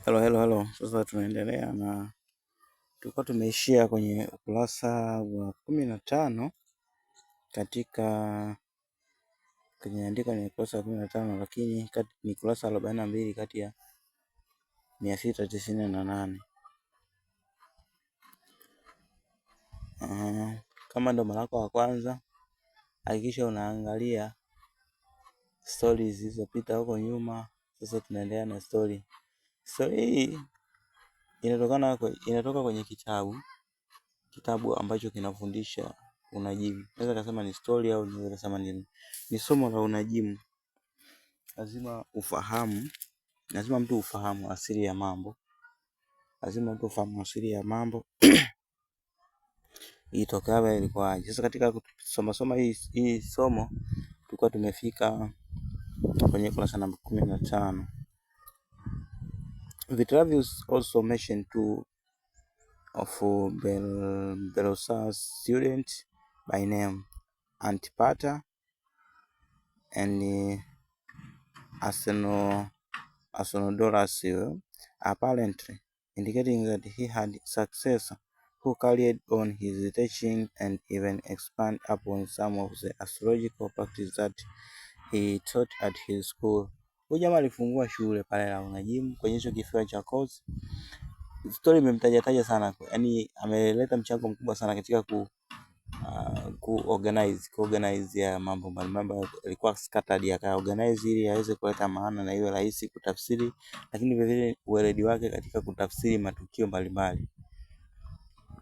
Hello, hello, hello. Sasa tunaendelea na tulikuwa tumeishia kwenye ukurasa wa kumi na tano katika kwenye ni ukurasa wa kumi na tano lakini kati, ni ukurasa arobaini na mbili kati ya mia sita tisini na nane. Uh, kama ndo mara yako ya kwanza hakikisha unaangalia stori zilizopita huko nyuma. Sasa tunaendelea na stori So hii inatokana inatoka kwenye kitabu, kitabu ambacho kinafundisha unajimu. Naweza kusema ni story au naweza kusema ni, ni somo la unajimu. Lazima ufahamu, lazima mtu ufahamu asili ya mambo, lazima mtu ufahamu asili ya mambo itokavyo ilikuwaje. Sasa katika kusoma soma hii, hii somo tulikuwa tumefika kwenye kurasa namba kumi na tano. The Vitruvius also mentioned two of uh, Bel students by name Antipater and uh, Asino, Asinodorus, uh, apparently indicating that he had successor who carried on his teaching and even expand upon some of the astrological practices that he taught at his school. Huyu jamaa alifungua shule pale la unajimu kwenye hicho kifua cha course. Story imemtaja taja sana. Yaani ameleta mchango mkubwa sana katika ku uh, ku organize, ku organize ya mambo mbalimbali alikuwa scattered ya organize ili aweze kuleta maana na iwe rahisi kutafsiri, lakini vile vile uweledi wake katika kutafsiri matukio mbalimbali.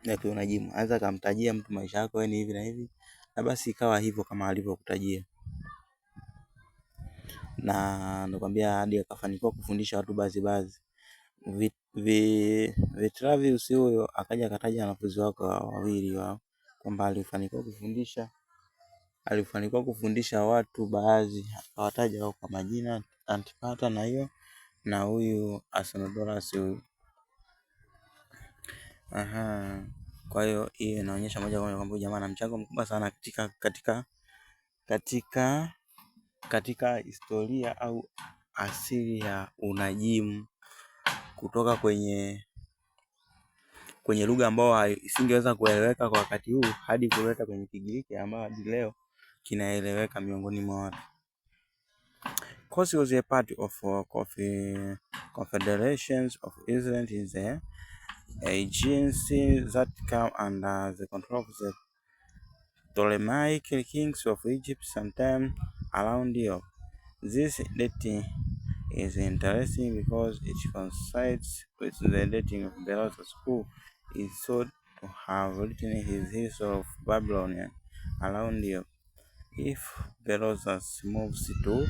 Na pia unajimu, anaweza kumtajia mtu maisha yako ni yaani hivi na hivi na basi ikawa hivyo kama alivyokutajia na nakwambia hadi akafanikiwa kufundisha watu bazibazi. Vitlavius huyo akaja akataja wanafunzi wako wawili wao kwamba alifanikiwa kufundisha alifanikiwa kufundisha watu baadhi, akawataja wao kwa majina, Antipata na hiyo na huyu Asunodorus huyu. Aha, kwa hiyo hiyo inaonyesha moja kwa moja kwamba jamaa ana mchango mkubwa sana katika katika katika katika historia au asili ya unajimu kutoka kwenye kwenye lugha ambayo isingeweza kueleweka kwa wakati huu hadi kuleta kwenye Kigiriki ambayo hadi leo kinaeleweka miongoni mwa watu. COS was a part of confederations of islands in the Aegean Sea that come under the control of the Ptolemaic kings of Egypt sometime around Europe. This dating is interesting because it coincides with the dating of Herodotus, who is thought to have written his history of Babylonian around Europe. If Herodotus moves to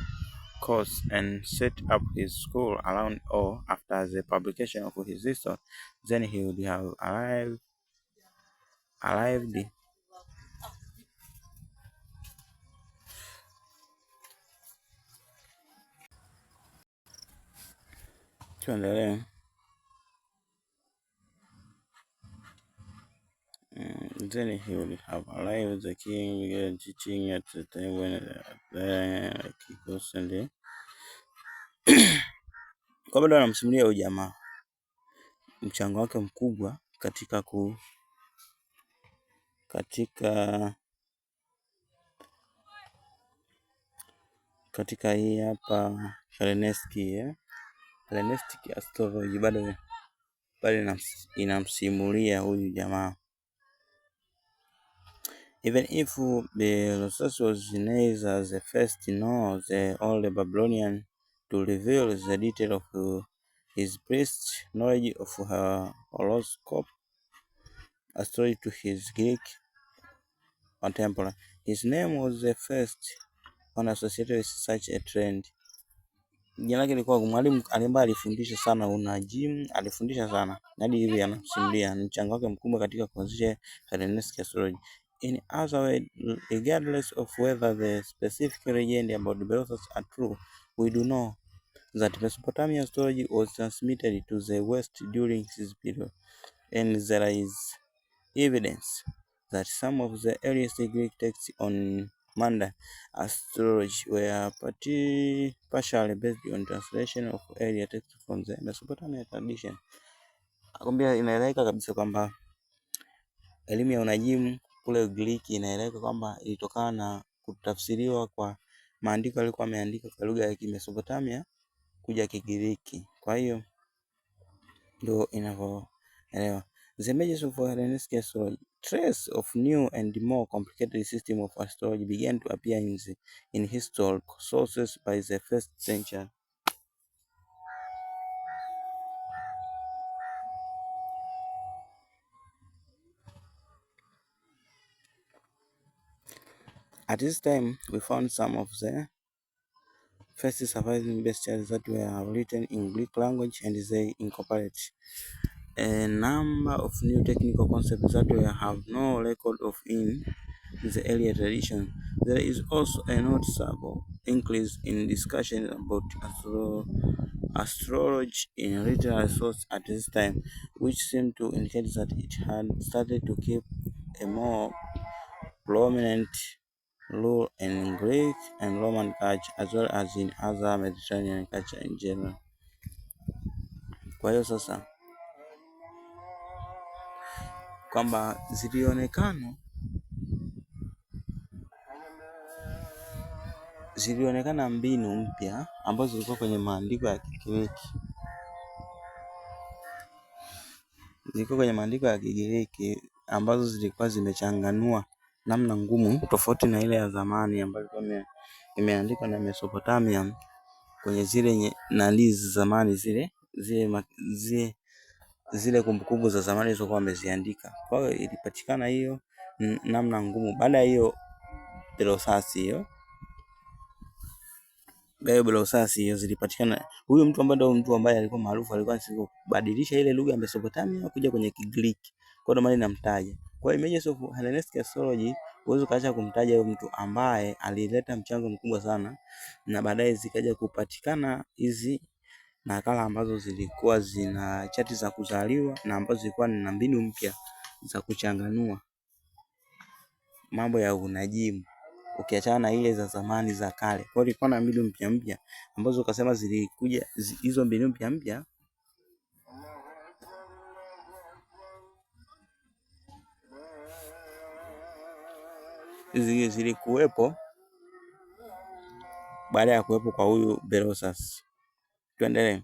course and set up his school around or after the publication of his history, then he would have arrived arrived tuendelee. Then eh, he would have arrived the king began teaching at the time when the kikosende kwa bado anamsimulia huyu jamaa mchango wake mkubwa katika ku katika katika hii hapa Chernevtsi eh? Ernesto Castroviejo bado bado inamsimulia huyu jamaa Even if the Rosas was as the first know the only Babylonian to reveal the detail of his priest knowledge of her horoscope, astrology to his Greek contemporary, his name was the first one associated with such a trend. jina lake lilikuwa mwalimu ambaye alifundisha sana unajim, alifundisha sana hadi hivi anasimulia mchango wake mkubwa katika kuanzisha Hellenistic astrology. In other way, regardless of whether the specific legend about Berossus are true, we do know that Mesopotamian astrology was transmitted to the West during this period, and there is evidence that some of the earliest Greek texts on Manda astrology were partially based on translation of earlier text from the Mesopotamian tradition. Akwambia inaeleweka kabisa kwamba elimu ya unajimu kule Greek inaeleweka kwamba ilitokana na kutafsiriwa kwa maandiko yalikuwa yameandika kwa lugha ya Kimesopotamia kuja Kigiriki. Kwa hiyo ndio inavyoelewa. The emergence of an SQL, traces of new and more complicated system of astrology began to appear in, the, in historical sources by the 1st century. At this time, we found some of the first surviving bestiaries that were written in Greek language and they incorporate a number of new technical concepts that we have no record of in the earlier tradition. There is also a noticeable increase in discussion about astro astrology in written sources at this time, which seemed to indicate that it had started to keep a more prominent role in Greek and Roman culture as well as in other Mediterranean culture in general. Kwa hiyo kwamba zilionekana zilionekana mbinu mpya ambazo zilikuwa kwenye maandiko ya Kigiriki, zilikuwa kwenye maandiko ya Kigiriki ambazo zilikuwa zimechanganua namna ngumu tofauti na ile ya zamani ambayo ilikuwa imeandikwa na Mesopotamia kwenye zile nyalizi zamani zamani zile zile zile zile kumbukumbu za zamani zilizokuwa wameziandika. Kwa hiyo ilipatikana hiyo namna ngumu. Baada ya hiyo belosasi hiyo bayo belosasi hiyo zilipatikana. Huyu mtu ambaye ndio mtu ambaye alikuwa maarufu alikuwa badilisha ile lugha ya Mesopotamia kuja kwenye Kigiriki, kwa ndio maana namtaja. Kwa hiyo Images of Hellenistic Astrology huwezi kaacha kumtaja huyo mtu ambaye alileta mchango mkubwa sana, na baadaye zikaja kupatikana hizi nakala ambazo zilikuwa zina chati za kuzaliwa na ambazo zilikuwa na mbinu mpya za kuchanganua mambo ya unajimu ukiachana na ile za zamani za kale. Kwa hiyo ilikuwa na mbinu mpya mpya ambazo ukasema zilikuja hizo mbinu mpya mpya zilikuwepo baada ya kuwepo kwa huyu Berossus. Tuendelee.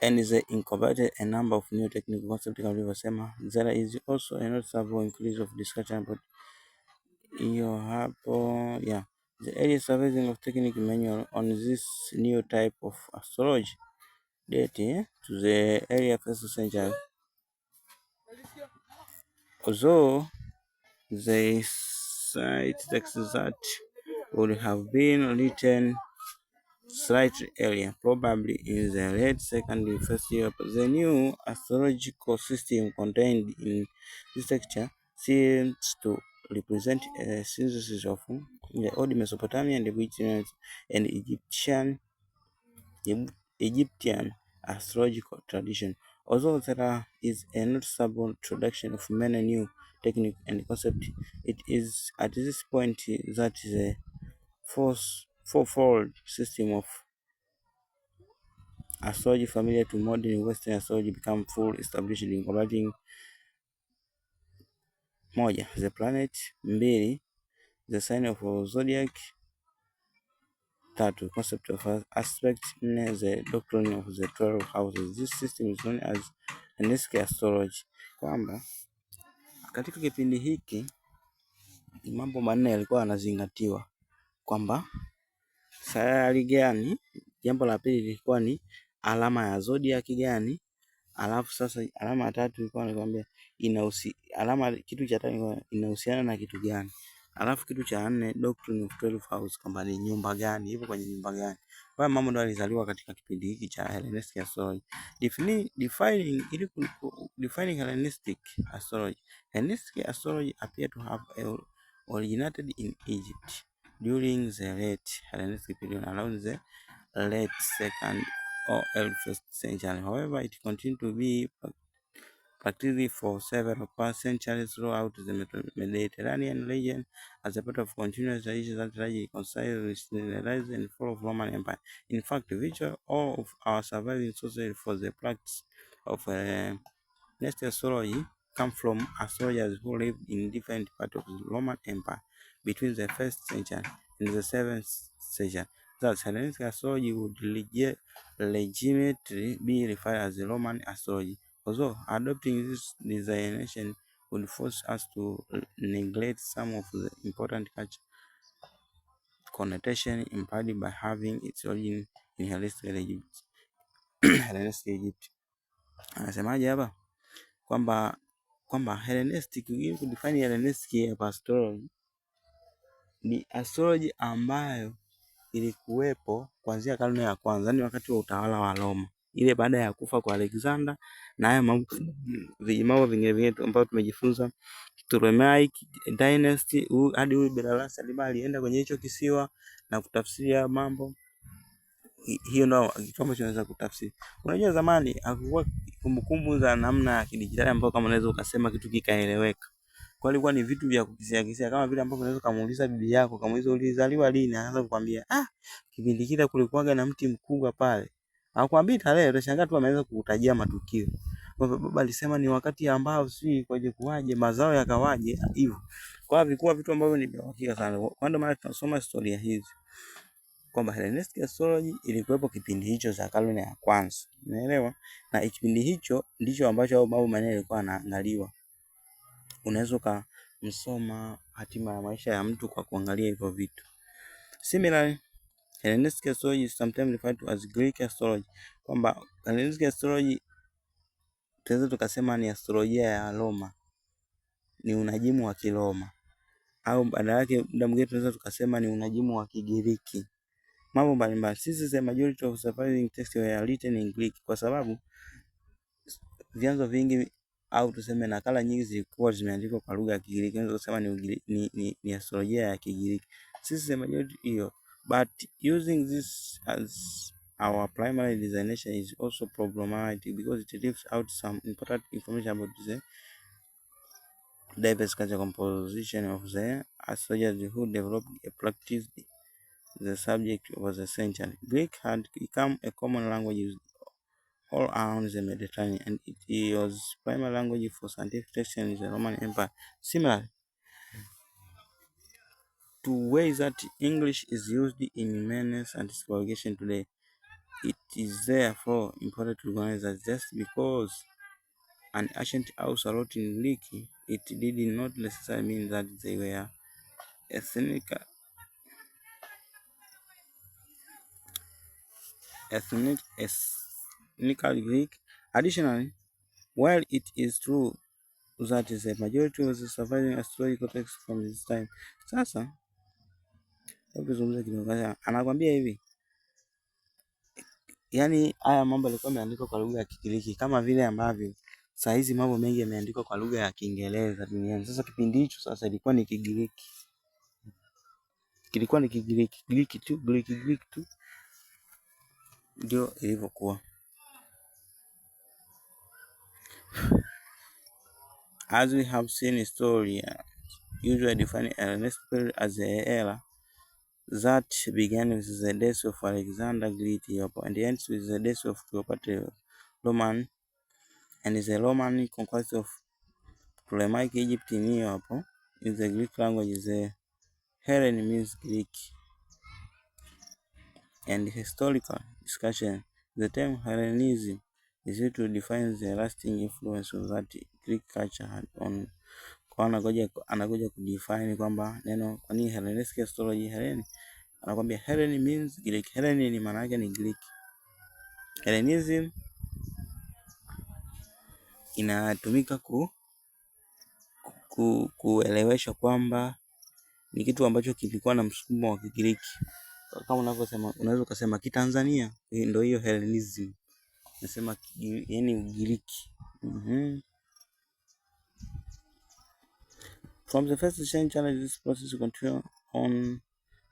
And they incorporated a number of new technical concepts kama ulivyosema. There is also a noticeable increase of discussion about hiyo hapo yeah. The early surveying of technical manual on this new type of astrology date eh? to the early first century. Although they cite texts that would have been written slightly earlier, probably in the late second or first year. The new astrological system contained in this texture seems to represent a synthesis of the old Mesopotamian, Greek, and Egyptian, Egyptian astrological tradition. Although there is a noticeable introduction of many new techniques and concepts, it is at this point that the force fourfold system of astrology familiar to modern Western astrology become full established in converging. Moja, the planet. Mbili, the sign of zodiac. Tatu, concept of aspect. Nne, the doctrine of the 12 houses. This system is known as Hellenistic astrology. Kwamba katika kipindi hiki mambo manne yalikuwa yanazingatiwa kwamba sayari gani? Jambo la pili lilikuwa ni alama ya zodiac gani? Alafu sasa alama ya tatu ilikuwa anakuambia inahusi alama kitu cha tatu inahusiana na kitu gani? Alafu kitu cha nne doctrine of 12 house kwamba ni nyumba gani, ipo kwenye nyumba gani. Kwa hiyo mambo ndio alizaliwa katika kipindi hiki cha Hellenistic astrology. Defini, defining ili defining Hellenistic astrology. Hellenistic astrology appear to have eh, originated in Egypt. during the late Hellenistic period around the late 2nd or early 1st century. However, it continued to be practiced for several past centuries throughout the Mediterranean region as a part of continuous religious and largely coincide in the rise and fall of Roman Empire. In fact, virtually all of our surviving sources for the practice of uh, astrology come from astrologers who lived in different parts of the Roman Empire. between the first session and the seventh session. Thus, Hellenistic astrology would legitimately be referred as Roman astrology, although adopting this designation would force us to neglect some of the important cultural connotation implied by having its origin in Hellenistic Egypt. Hellenistic Egypt. Anasemaje hapa kwamba kwamba Hellenistic, ukijaribu kudefine Hellenistic astrology ni astroloji ambayo ilikuwepo kuanzia karne ya kwanza, yani wakati wa utawala wa Roma, ile baada ya kufa kwa Alexander na haya mambo vingine vingine ambayo tumejifunza Ptolemaic dynasty hadi huyu Belarus alima alienda kwenye hicho kisiwa na kutafsiria mambo hiyo ndio kitu ambacho naweza kutafsiri. Unajua zamani hakukuwa kumbukumbu za namna ya kidijitali ambayo kama unaweza ukasema kitu kikaeleweka. Kwa ilikuwa ni vitu vya kukisia kisia kama vile ambavyo unaweza kumuuliza bibi yako, kamuuliza ulizaliwa lini, anaanza kukwambia ah, kipindi kile kulikuwa na mti mkubwa pale. akwambia tarehe, utashangaa tu ameanza kukutajia matukio. Kwa hivyo baba alisema ni wakati ambao si kwaje kuwaje, mazao yakawaje hivyo. Kwa hivyo vikuwa vitu ambavyo ni vya hakika sana. Kwa ndo maana tunasoma historia hizi. Kwamba Hellenistic astrology ilikuwepo kipindi hicho za karne ya kwanza. Unaelewa? Na kipindi hicho ndicho ambacho au mambo manene yalikuwa yanaangaliwa unaweza ukamsoma hatima ya maisha ya mtu kwa kuangalia hivyo vitu. Similarly, Hellenistic astrology is sometimes referred to as Greek astrology, kwamba Hellenistic astrology tunaweza tukasema ni astrolojia ya Roma, ni unajimu wa Kiroma, au badala yake muda mwingine tunaweza tukasema ni unajimu wa Kigiriki, mambo mbalimbali. Sisi the majority of surviving texts were written in Greek, kwa sababu vyanzo vingi au tuseme nakala nyingi zilikuwa zimeandikwa kwa lugha ya Kigiriki, unaweza kusema ni, ni, ni, ni astrolojia ya Kigiriki. Sisi sema yetu hiyo, but using this as our primary designation is also problematic because it leaves out some important information about the diverse cultural composition of the astrologers who developed a practice the subject of the century. Greek had become a common language used all around the Mediterranean, and it was primary language for scientific texts in the Roman Empire. Similar to ways that English is used in manners and segregation today, it is therefore important to recognize that just because an ancient house wrote in Greek, it did not necessarily mean that they were ethnic, ethnic, ethnic Nickel Greek. Additionally, while it is true that the majority of the surviving astrological texts from this time, sasa kuzungumza kidogo, anakwambia hivi yani, haya mambo yalikuwa yameandikwa kwa lugha ya Kigiriki kama vile ambavyo saa hizi mambo mengi yameandikwa kwa lugha ya Kiingereza duniani. Sasa kipindi hicho sasa ilikuwa ni Kigiriki, kilikuwa ni Kigiriki, Giriki tu, Giriki, Giriki tu ndio ilivyokuwa. As we have seen story usually define Hellespont as a era that began with the death of Alexander Great and ends with the death of Cleopatra Roman and the Roman conquest of Ptolemaic Egypt in Europe. In the Greek language, the Hellen means Greek. And historical discussion, the term Hellenism is it to define the lasting influence of that Greek culture had on kwa anakuja anakuja kudefine kwamba neno kwa nini Hellenistic astrology Hellen anakuambia Hellen means Greek. Hellen ni maana yake ni Greek. Hellenism inatumika ku, ku kuelewesha kwamba ni kitu ambacho kilikuwa na msukumo wa Kigiriki kama unavyosema, unaweza ukasema Kitanzania ndio hiyo Hellenism nasema yani Ugiriki. Mhm. From the first century this process continue on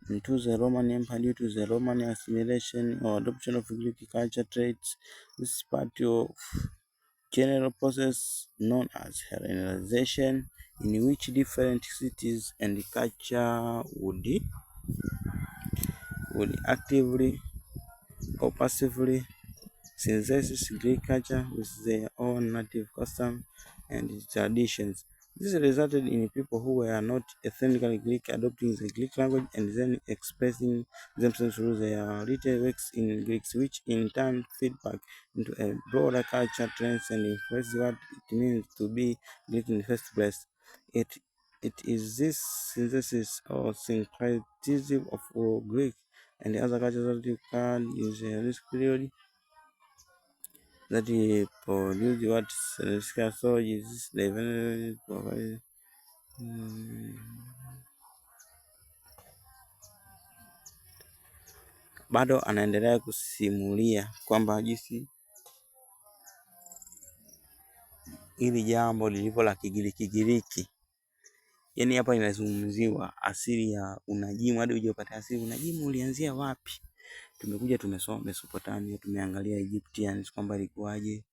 into the Roman Empire due to the Roman assimilation or adoption of Greek culture traits. This is part of general process known as Hellenization in which different cities and culture would would actively or passively Since this is Greek culture with their own native customs and traditions, this resulted in people who were not ethnically Greek adopting the Greek language and then expressing themselves through their written works in Greek, which in turn feed back into a broader culture trends and influence what it means to be Greek in the first place. It it is this synthesis or syncretism of Greek and other cultures that you can use in risk period that he produced what Scripture Jesus divinely provided. Bado anaendelea kusimulia kwamba jinsi hili jambo lilivyo la Kigiriki Giriki. Yaani hapa inazungumziwa asili ya unajimu, hadi uje upate asili unajimu ulianzia wapi? Tumekuja tumesoma Mesopotamia, tumeangalia Egyptians kwamba ilikuwaje,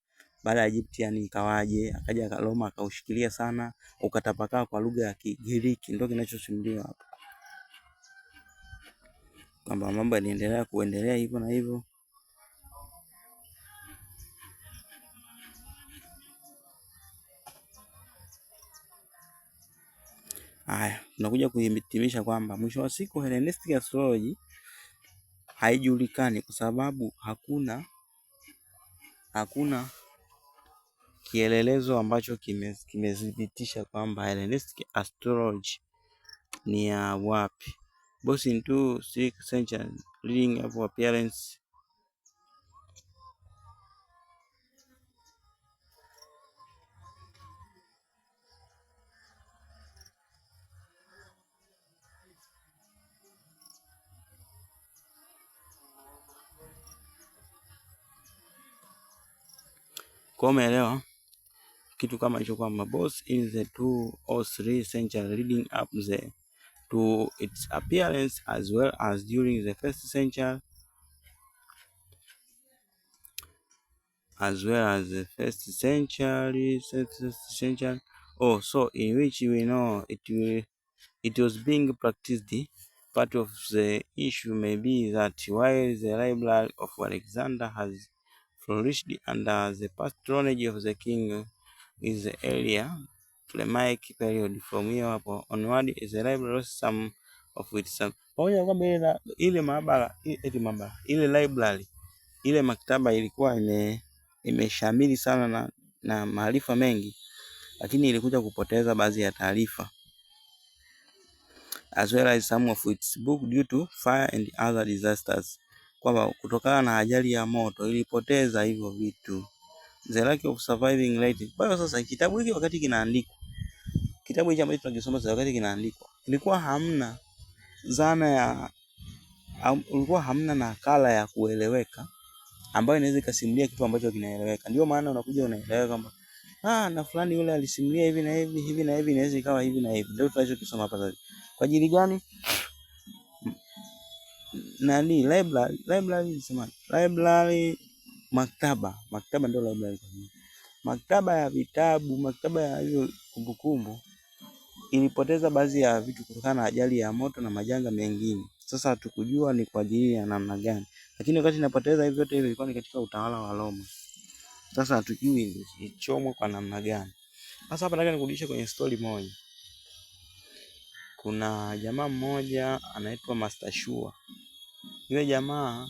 baada ya Egyptian ikawaje, akaja Roma akaushikilia sana, ukatapakaa kwa lugha ya Kigiriki, ndio kinachosimuliwa hapa kwamba mambo yaliendelea kuendelea hivyo na hivyo. Haya, tunakuja kuhitimisha kwamba mwisho wa siku Hellenistic astrology haijulikani kwa sababu hakuna hakuna kielelezo ambacho kimethibitisha kwamba Hellenistic astrology ni ya wapi. Both in 2nd century leading of appearance Kwa umeelewa kitu kama hicho kwamba both in the two or three century leading up the to its appearance as well as during the first century as well as the first century, first century. Oh, so in which we know it will, it was being practiced. Part of the issue may be that while the library of Alexander has flourished under the patronage of the king in the earlier Ptolemaic period from here hapo onward is the library lost some of its pamoja kwamba ile maabara eti maabara ile library ile maktaba ilikuwa ime imeshamili sana na, na maarifa mengi, lakini ilikuja kupoteza baadhi ya taarifa as well as some of its book due to fire and other disasters kwamba kutokana na ajali ya moto ilipoteza hivyo vitu. The Lack of Surviving Light. Kwa hiyo sasa kitabu hiki wakati kinaandikwa, kitabu hiki ambacho tunakisoma sasa wakati kinaandikwa, ilikuwa hamna zana ya ulikuwa hamna nakala ya kueleweka ambayo inaweza ikasimulia kitu ambacho kinaeleweka. Ndio maana unakuja unaelewa kwamba ah, na fulani yule alisimulia hivi na hivi hivi na hivi, inaweza ikawa hivi na hivi. Ndio tunachokisoma hapa sasa. Kwa ajili gani? nani library library nisema library maktaba maktaba ndio library kwa maktaba ya vitabu maktaba ya hiyo kumbukumbu ilipoteza baadhi ya vitu kutokana na ajali ya moto na majanga mengine. Sasa hatukujua ni kwa ajili ya namna gani, lakini wakati inapoteza hivi vyote hivi ilikuwa ni katika utawala wa Roma. Sasa hatujui ilichomwa kwa namna gani. Sasa hapa nataka nikurudishe kwenye story moja. Kuna jamaa mmoja anaitwa Master Shua. Yule jamaa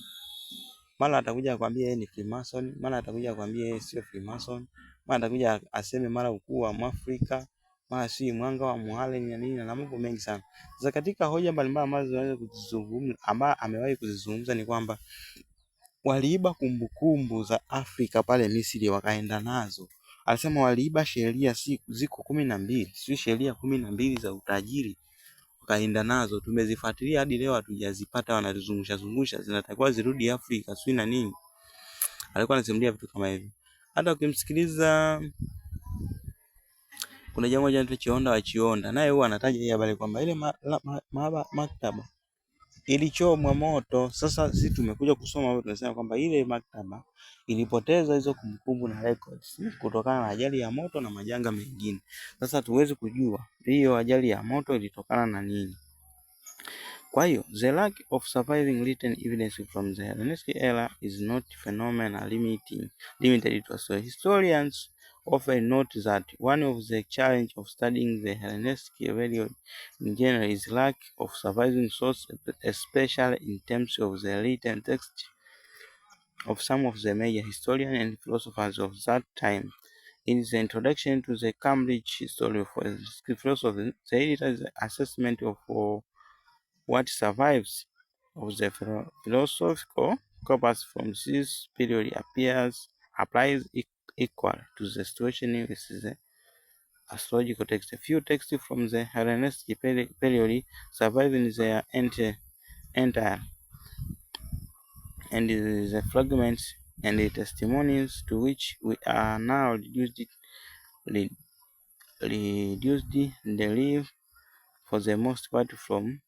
mara atakuja akwambia yeye ni Freemason, mara atakuja akwambia yeye sio Freemason, mara atakuja aseme mara ukuu wa Mwafrika, mara si mwanga wa Muharram ni nini na mambo mengi sana. Sasa katika hoja mbalimbali ambazo zinaweza kuzungumza ama amewahi kuzizungumza ni kwamba waliiba kumbukumbu za Afrika pale Misri wakaenda nazo. Alisema waliiba sheria si ziko kumi na mbili, sio sheria kumi na mbili za utajiri tukaenda nazo, tumezifuatilia hadi leo hatujazipata, wanazizungusha zungusha, zinatakiwa zirudi Afrika sio na nini. Alikuwa anasimulia vitu kama hivyo. Hata ukimsikiliza kuna jamaa mmoja anaitwa Chionda wa Chionda, naye huwa anataja hii habari kwamba ile ma, ma, ma, maktaba ilichomwa moto. Sasa sisi tumekuja kusoma, tunasema kwamba ile maktaba ilipoteza hizo kumbukumbu na records kutokana na ajali ya moto na majanga mengine. Sasa tuwezi kujua hiyo ajali ya moto ilitokana na nini. Kwa hiyo the lack of surviving written evidence from the Hellenistic era is not phenomenal limiting limited to historians often note that one of the challenges of studying the Hellenistic period in general is lack of surviving sources, especially in terms of the written text of some of the major historians and philosophers of that time. In the introduction to the Cambridge History of Philosophy, the editor's assessment of what survives of the philosophical corpus from this period appears applies equal to the situation with the astrological text. a Few texts from the Hellenistic period surviving their entire, and the fragments and the testimonies to which we are now reduced, reduced derive for the most part from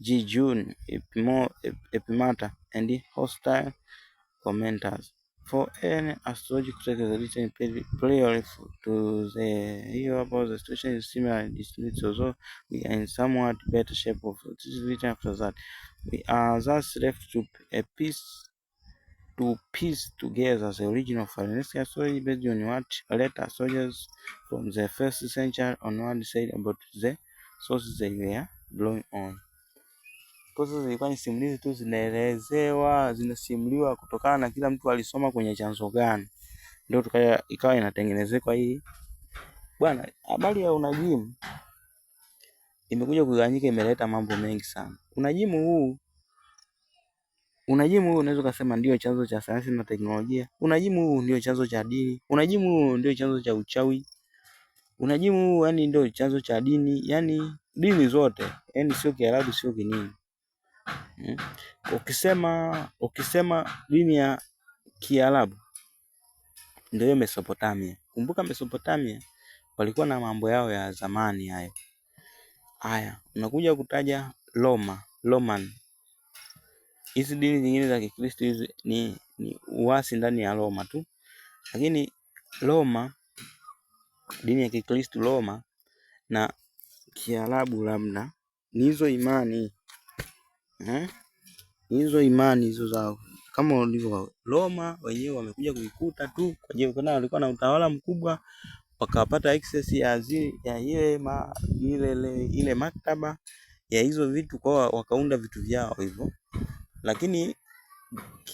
G. June Epimata and hostile commenters. For any astrological text that is to the here about the situation is similar in this so we are in somewhat better shape of this is written after that. We are thus left to a piece to piece together the origin of So astrology based on what later astrologers from the first century onward said about the sources they were blowing on. Pozo zilikuwa ni simulizi tu, zinaelezewa zinasimuliwa kutokana na kila mtu alisoma kwenye chanzo gani, ndio tukaya ikawa inatengenezeka hii bwana. Habari ya unajimu imekuja kugawanyika, imeleta mambo mengi sana. Unajimu huu unajimu huu unaweza kusema ndio chanzo cha sayansi na teknolojia. Unajimu huu ndio chanzo cha dini. Unajimu huu ndio chanzo cha uchawi. Unajimu huu yani ndio chanzo cha dini, yani dini zote, yani sio Kiarabu sio kinini. Mm. Ukisema ukisema dini ya Kiarabu ndio hiyo Mesopotamia. Kumbuka Mesopotamia walikuwa na mambo yao ya zamani hayo. Haya, unakuja kutaja Roma, Roman. Hizi dini zingine za Kikristo hizi ni, ni uasi ndani ya Roma tu, lakini Roma, dini ya Kikristo Roma na Kiarabu labda ni hizo imani eh, hizo imani hizo zao kama ulivyo Roma wenyewe wamekuja kuikuta tu kwa sababu kuna walikuwa na utawala mkubwa wakapata access ya zile ya ile ma, ile ile maktaba ya hizo vitu kwa wakaunda vitu vyao hivyo, lakini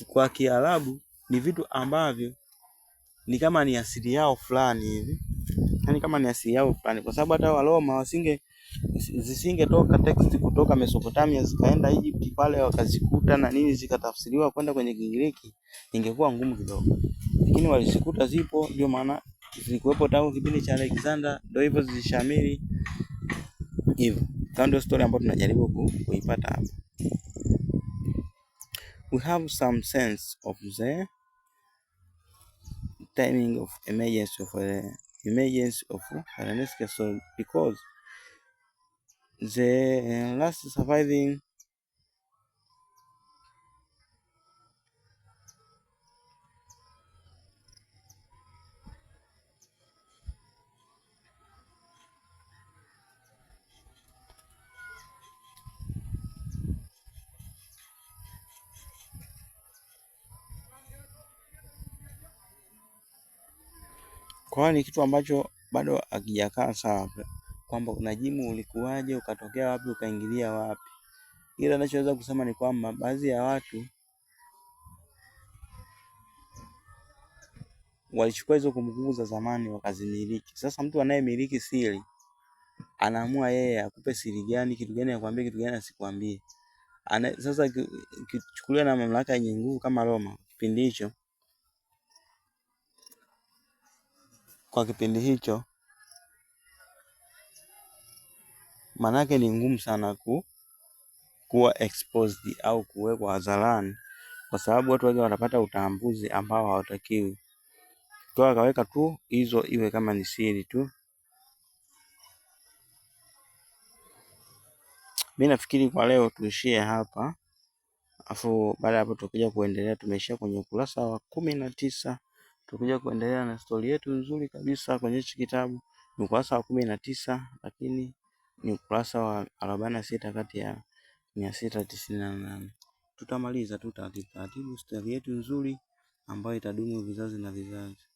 kwa Kiarabu ni vitu ambavyo ni kama ni asili yao fulani hivi, yani kama ni asili yao fulani, kwa sababu hata Roma wasinge zisingetoka text kutoka Mesopotamia zikaenda Egypt pale wakazikuta na nini zikatafsiriwa kwenda kwenye Kigiriki, ingekuwa ngumu kidogo, lakini walizikuta zipo, ndio maana zilikuwepo tangu kipindi cha Alexander, ndio hivyo zilishamiri hivyo. Ndio story ambayo tunajaribu kuipata hapa. We have some sense of the timing of emergence of the uh, emergence of Hellenistic story because the eh, last surviving kwa ni kitu ambacho bado hakijakaa sawa kwamba unajimu ulikuwaje, ukatokea wapi, ukaingilia wapi, ila anachoweza kusema ni kwamba baadhi ya watu walichukua hizo kumbukumbu za zamani wakazimiliki. Sasa mtu anayemiliki siri anaamua yeye akupe siri gani, kitu gani akwambie, kitu gani asikwambie. Sasa kichukuliwa na mamlaka yenye nguvu kama Roma kipindi hicho, kwa kipindi hicho maanake ni ngumu sana ku kuwa exposed au kuwekwa hadharani, kwa sababu watu wengi wanapata utambuzi ambao hawatakiwi. Kwa akaweka tu hizo iwe kama ni siri tu. Mi nafikiri kwa leo tuishie hapa, afu baada ya hapo tukija kuendelea. Tumeishia kwenye ukurasa wa kumi na tisa, tutakuja kuendelea na stori yetu nzuri kabisa kwenye hichi kitabu, ni ukurasa wa kumi na tisa, lakini ni ukurasa wa 46 kati ya 698. Tutamaliza tu taratibu, taratibu, stori yetu nzuri ambayo itadumu vizazi na vizazi.